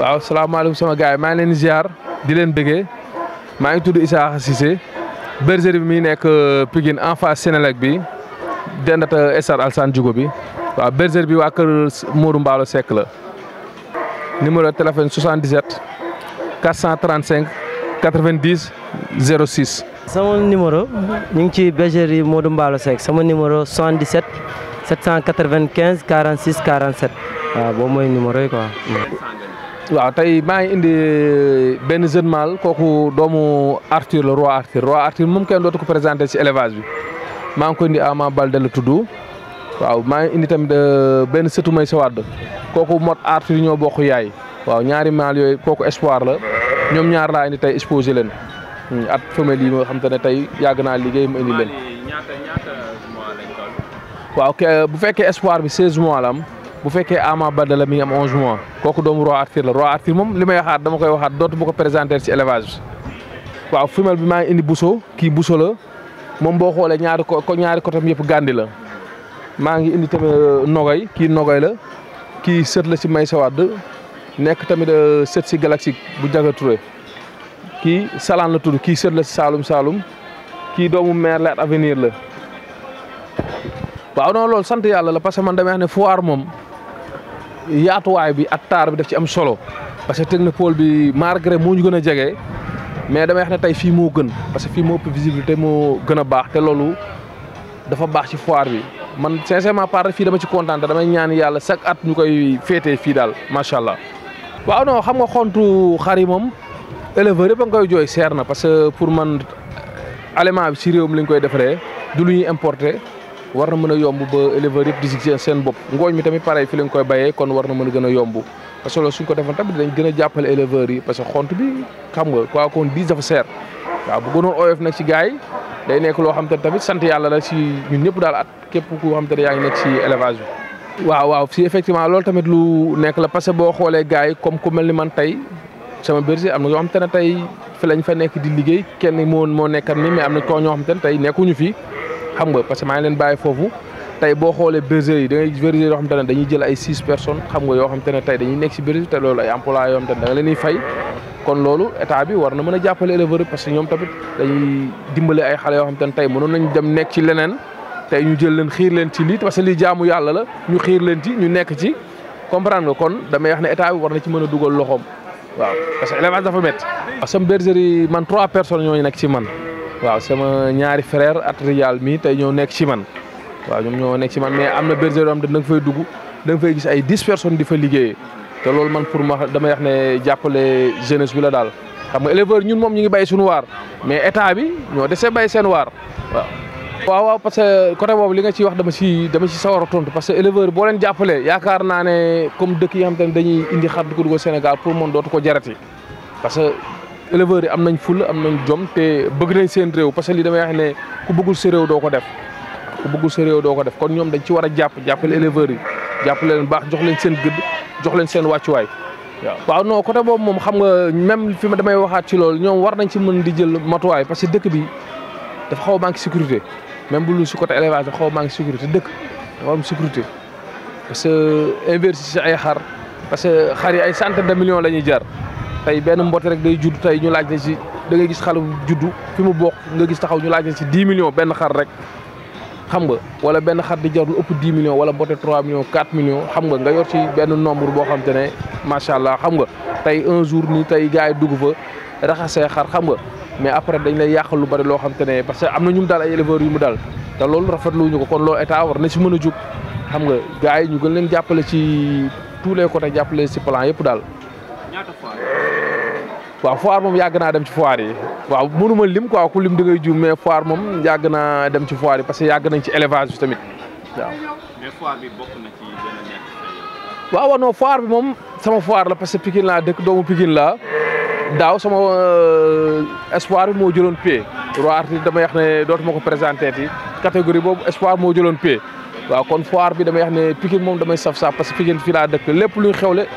waaw salaamaaleykum sama gaay ma maa ngi leen ziar di len bëggee ma ngi tuddu Issa Cissé bergerie bi mi nek euh, pigine en face Sénélec bi dendata euh, Stade alsan djugo bi wa bergerie bi wa keur Modou mbalo sek la numéro téléphone 77 435 90 06. sama numéro ñi ngi ci bergerie Modou mbalo sek sama numéro 77 795 46 47 wa bo moy numéro yi quoi. waaw tey maa ngi indi euh, benn jeune mâle kooku doomu Arthur la roi Arthur roi Arthur moom kenn dootu ko présenté ci élevage bi maa ngi ko indi Ama Balde la tudd waaw maa ngi indi tamit euh, benn sëtu may sawadd kooku mot Arthur ñoo bokk yaay waaw ñaari mâle yooyu kooku espoir la ñoom ñaar la indi tey exposé leen hmm, at femelle ne tey yàgg naa liggéey mu indi leen bu fekkee espoir bi 16 mois la am bu fekkee Ama Baldé la mi am 11 mois kooku doomu roi Arthur la roi Arthur moom li may waxaat dama koy waxaat dootu ma ko présenté ci élevage waaw femelle bi maa ngi indi Bousso kii Bousso la moom boo xoolee ñaari ko ñaari côté yëpp gàndi la maa ngi indi tamit euh, Nogoy kii Nogoy la kii sët la ci Maysa Wade nekk tamit euh, sët ci Galaxy bu jagatu Touré kii Salaan la tudd kii sët la si Saalum Saalum kii doomu maire la avenir la waaw non loolu sant yàlla yaatuwaay bi ak taar bi daf ci am solo parce que technopole bi malgré moo ñu gën a jege mais damay wax ne tey fii moo gën parce que fii moo ëpp visibilité moo gën a baax te loolu dafa baax ci foire bi man sincèrement parle fii dama ci kontaan damay ñaan yàlla chaque at ñu koy féetee fii daal macha allah. waaw non xam nga xontu xar yi moom éleveur yëpp a koy jooy seer na parce que pour man aliment bi si réew réewam lañ koy defaree du lu ñuy importer. war na mën a yomb ba éleveurs yëpp di si seen bopp ngooñ mi tamit pareil fi lañ koy bayee kon war na mën a gën a yomb parce que loolu suñ ko defoon tamit dañ gën a jàppale éleveurs yi parce que xont bi xam nga quoi kon diis dafa seer waaw yi day nekk loo xam te ne tamit sant yàlla la ñëpp daal at képp ku xam ne yaa ngi nekk waaw waaw si effectivement loolu tamit lu nekk la parce que boo xoolee gars yi comme ku mel ni man tey sama berger am na yoo xam te ne tey fi fa nekk di liggéey kenn moo moo nekkat ni mais am na koo ñoo xam te ne tey nekkuñu fi xam nga parce que maa ngi leen bàyyi foofu tey boo xoolee bergerie yi da ngay bergerie yoo xam te ne dañuy jël ay six personnes xam nga yoo xam te ne dañuy nekk si bergerie te ay emplois yoo xam bi war na mën a jàppale éleveur que ñoom tamit dañuy ay xale yoo xam te tey mënoon nañ dem nekk ci leneen tey ñu jël leen xiir leen ci lii parce que lii jaamu yàlla la ñu xiir leen ci ñu nekk ci comprendre nga kon damay wax ne état bi war na ci mën a dugal loxoom waaw parce que élevage dafa métti. waaw sama bergerie man trois personnes ñooñu nekk ci man waaw sama ñaari frère at rijaal mi tey ñoo nekk ci man waaw ñoom ñoo nekk ci man mais am na bergerie yoo xam ne da nga fay dugg gis ay dix personnes di fa liggéeyee te loolu man pour ma dama wax ne jàppale jeunesse bi la daal xam nga éleveur ñun moom ñu ngi bay suñu waar mais état bi ñoo desee béy seen waar waaw. waaw waaw parce que côté boobu li nga ciy wax dama si dama si sawar a tontu parce que éleveur boo leen jàppalee yaakaar naa ne comme dëkk yi nga xam te ne dañuy indi xar di ko dugal Sénégal éleveurs yi am nañ fulla am nañ jom te bëgg nañ seen réew parce que li damay wax ne ku bëggul sa doo ko def ku bëggul sa doo ko def kon ñoom dañ ci war a jàpp jàppale éleveurs yi jàppale leen baax jox leen seen gëdd jox leen seen wàccuwaay waaw noo côté boobu moom xam nga même fi ma damay waxaat ci loolu ñoom war nañ ci mën di jël matuwaay parce que dëkk bi dafa xaw a manque sécurité même bu lu si côté élévage xaw a manque sécurité dëkk dafa am sécurité parce que euh, ay xar parce que xar yi ay centaine de millions la ñuy jar tey benn mbote rek day juddu tey ñu laaj la si da ngay gis xale bu juddu fi mu bokk nga gis taxaw ñu laaj la si 10 millions benn xar rek xam nga wala benn xar di jar lu ëpp 10 millions wala mbote 3 millions 4 millions xam nga nga yor ci benn nombre boo xam te ne macha allah xam nga tey un jour nii tey gaa yi dugg fa raxasee xar xam nga mais après dañ lay yàqal lu bari loo xam te ne parce que am na ñu mu daal ay éleveurs yu mu dal te loolu rafetlu ñu ko kon loolu état war na si mën a jug xam nga gars yi ñu gën leen jàppale ci tous les côtés jàppale si plan yëpp daal. waaw foire moom yàgg naa dem ci foire waaw mënu lim quoi ku lim da ngay mais foire moom yàgg naa dem ci foire yi parce que yàgg nañ ci élevage tamit waaw. bi bokk na ci waaw non foire bi moom sama foire la parce que Pikine laa dëkk doomu Pikine laa daaw sama euh, espoir moo jëloon pay roi artiste dama wax ne dootu dootuma ko présenté ti catégorie boobu espoir moo jëloon pay waaw kon foire bi dama wax ne Pikine moom damay saf saf parce que Pikine fii laa dëkk lépp luy xewle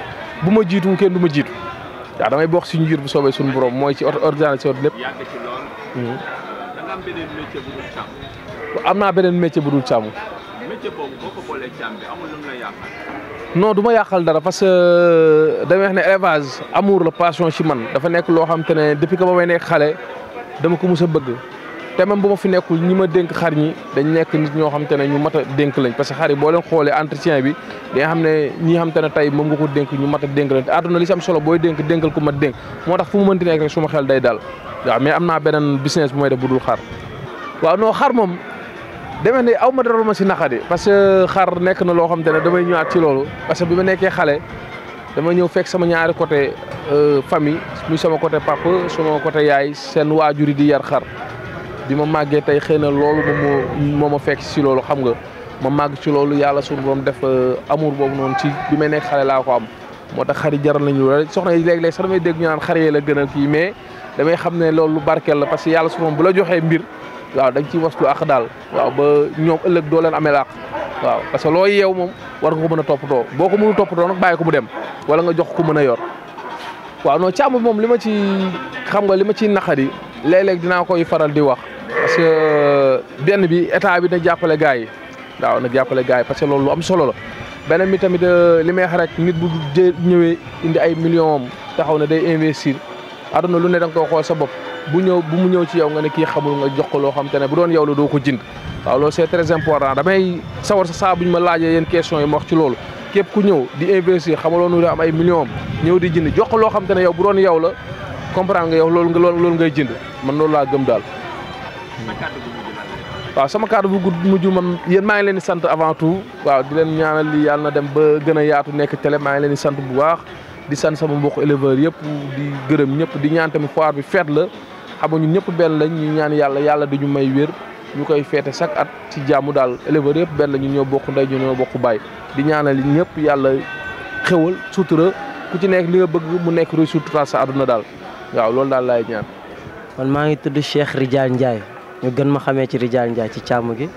bu ma jiitu kenn du ma jiitu. waaw damay bokk suñu jur bu soobee suñu borom mooy ci organisation lépp. Hmm. am naa beneen métier bu dul càmm. métier boobu boo du ma yàqal dara parce que euh, damay wax ne élevage amour la passion ci man dafa nekk loo xam ne depuis que ba may nekk xale dama ko mus a bëgg. te même bu ma fi nekkul ñi ma dénk xar ñi dañ nekk nit ñoo xam te ne ñu mat a dénk lañ parce que xar boo leen xoolee entretien bi di nga xam ne ñi xam te ne tey moom nga ko dénk ñu mat a dénk lañ te li am solo booy dénk dénkal ku mat dénk moo tax fu mu mënti nekk rek suma xel day dal waaw mais am naa beneen business bu may def bu waaw non xar moom demee ne aw ma ma si naqadi parce que xar nekk na loo xam te ne damay ñëwaat ci loolu parce que bi ma nekkee xale dama ñëw fekk sama ñaari côté euh, famille muy sama côté papa sama côté yaay seen waajur yi di yar xar bi ma màggee tey xëy na loolu moom moo ma fekk si loolu xam nga ma màgg ci loolu yàlla suñu borom def euh, amour boobu noonu ci bi may nekk xale laa ko am moo tax xar yi jaral nañu loolu soxna yi léeg-léeg sax damay dégg xar la gënal kii mais damay xam ne loolu lu barkeel la parce que yàlla suñu borom bu la joxee mbir waaw da nga ciy waslu ak daal waaw ba ñoom ëllëg doo leen laa laaq waaw parce que looy yeew moom war nga ko mën a toppatoo boo ko mënu toppatoo nag bàyyi ko mu dem wala nga jox ko mën a yor waaw non càmm moom li ma ci xam nga li ma ciy naqari léeg-léeg dinaa koy faral di wax parce benn bi état bi na jàppale gars yi waaw na jàppale gars yi parce que loolu am solo la beneen bi tamit euh, li may xarak nit bu ñëwee indi ay millions am taxaw na day investir aduna lu ne da nga koo xool sa bopp bu ñëw bu mu ñëw ci yow nga ne kii xamul nga jox ko loo xam te ne bu doon yow la doo ko jënd waaw loolu c'est très important damay sawar sa saa bu ñu ma laajee yéen questions yi ma wax ci loolu képp ku ñëw di investir xamaloonu am ay million am ñëw di jind jox ko loo xam te ne yow bu doon yow la comprendre nga loolu nga loolu ngay jënd man loolu laa gëm daal waaw sama kàddu bu gudd mujj man yeen maa ngi leen di sant avant tout waaw di leen ñaanal li yàlla na dem ba gën a yaatu nekk télé maa ngi leen di sant bu baax di sant sama mbokk éleveur yëpp di gërëm ñëpp di ñaan tamit foire bi feet la xam ñun ñëpp benn lañ ñu ñaan yàlla yàlla duñu may wér ñu koy feete chaque at ci jàmm daal éleveur yëpp benn la ñun ñoo bokk ndey ñu ñoo bokk bay di ñaanal ñëpp yàlla xewal sutura ku ci nekk li nga bëgg mu nekk réussite sa aduna daal waaw loolu daal laay ñaan. man maa ngi tudd Cheikh Rijal Ndiaye. ñu gën ma xamee ci Rijaal Ndiaye ci càmm gi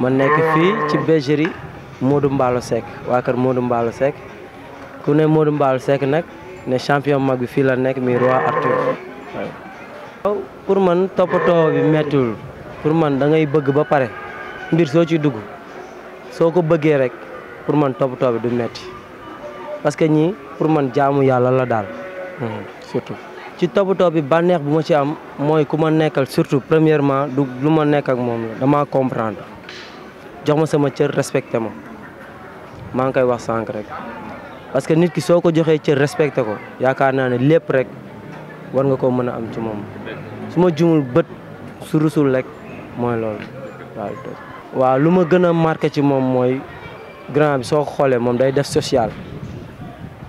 man nekk fii ci bergerie Modou Mballo Seck waa kër Modou Mballo Seck ku ne Modou Mballo Seck nag ne champion mag bi fii la nekk mi roi Arthur. waaw pour man toppatoo bi mettiwul pour man da ngay bëgg ba pare mbir soo ci dugg soo ko bëggee rek pour man toppatoo bi du metti parce que ñii pour man jaamu yàlla la daal hmm, surtout. ci toppatoo bi bànneex bu ma ci am mooy ku ma nekkal surtout premièrement du lu ma nekk ak moom la damaa comprendre jox ma sama cër respecté ma maa ngi koy wax sànq rek. parce que nit ki soo ko joxee cër respecté ko yaakaar naa ne lépp rek war nga koo mën a am ci moom su ma jumul bët su rek mooy lool waaw. lu ma gën a marqué ci moom mooy grand bi soo xoolee moom day def social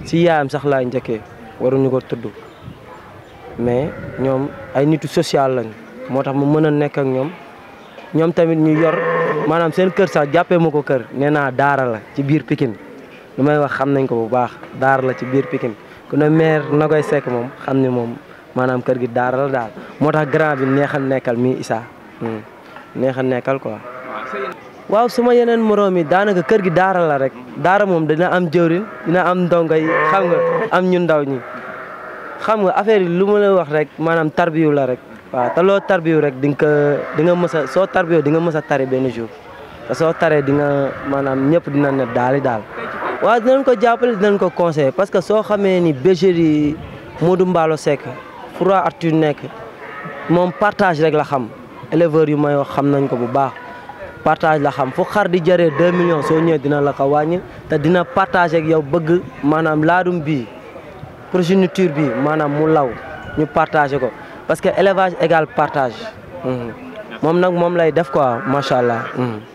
si yaayam sax laay njëkkee ñu ko tudd. mais ñoom ay nitu social la moo tax ma mën a nekk ak ñoom ñoom tamit ñu yor maanaam seen kër sax jàppee ma ko kër nee naa daara la ci biir Pikine lu may wax xam nañ ko bu baax daara la ci biir Pikine ku ne maire na koy sekk moom xam ne moom maanaam kër gi daara daal moo tax grand bi neex nekkal mi isa hmm. neex a nekkal quoi. waaw suma yeneen moroom yi kër gi daara rek daara moom dina am jëwriñ dina am ndongo xam nga am ñu ndaw ñi. xam nga affaire yi lu ma la wax rek maanaam tarbiyu la rek waaw te loo rek dinga nga ko di nga a soo tarbiyu di nga mës a tari benn jour soo taree di nga maanaam ñëpp dina na daali daal waa dinañ ko jàppale dinañ ko conseillé parce que soo xamee ni bergerie Modou Mballo sek Froid Arthur nek moom partage rek la xam éleveurs yu may wax xam nañ ko bu baax partage la xam fu xar di jaree deux million soo ñëwee dina la ko wàññi te dina partage ak yow bëgg maanaam laadum bii progéniture bi maanaam mu law ñu partagé ko parce que élevage égal partage mhm. moom nag moom lay def quoi macha allah. Mhm.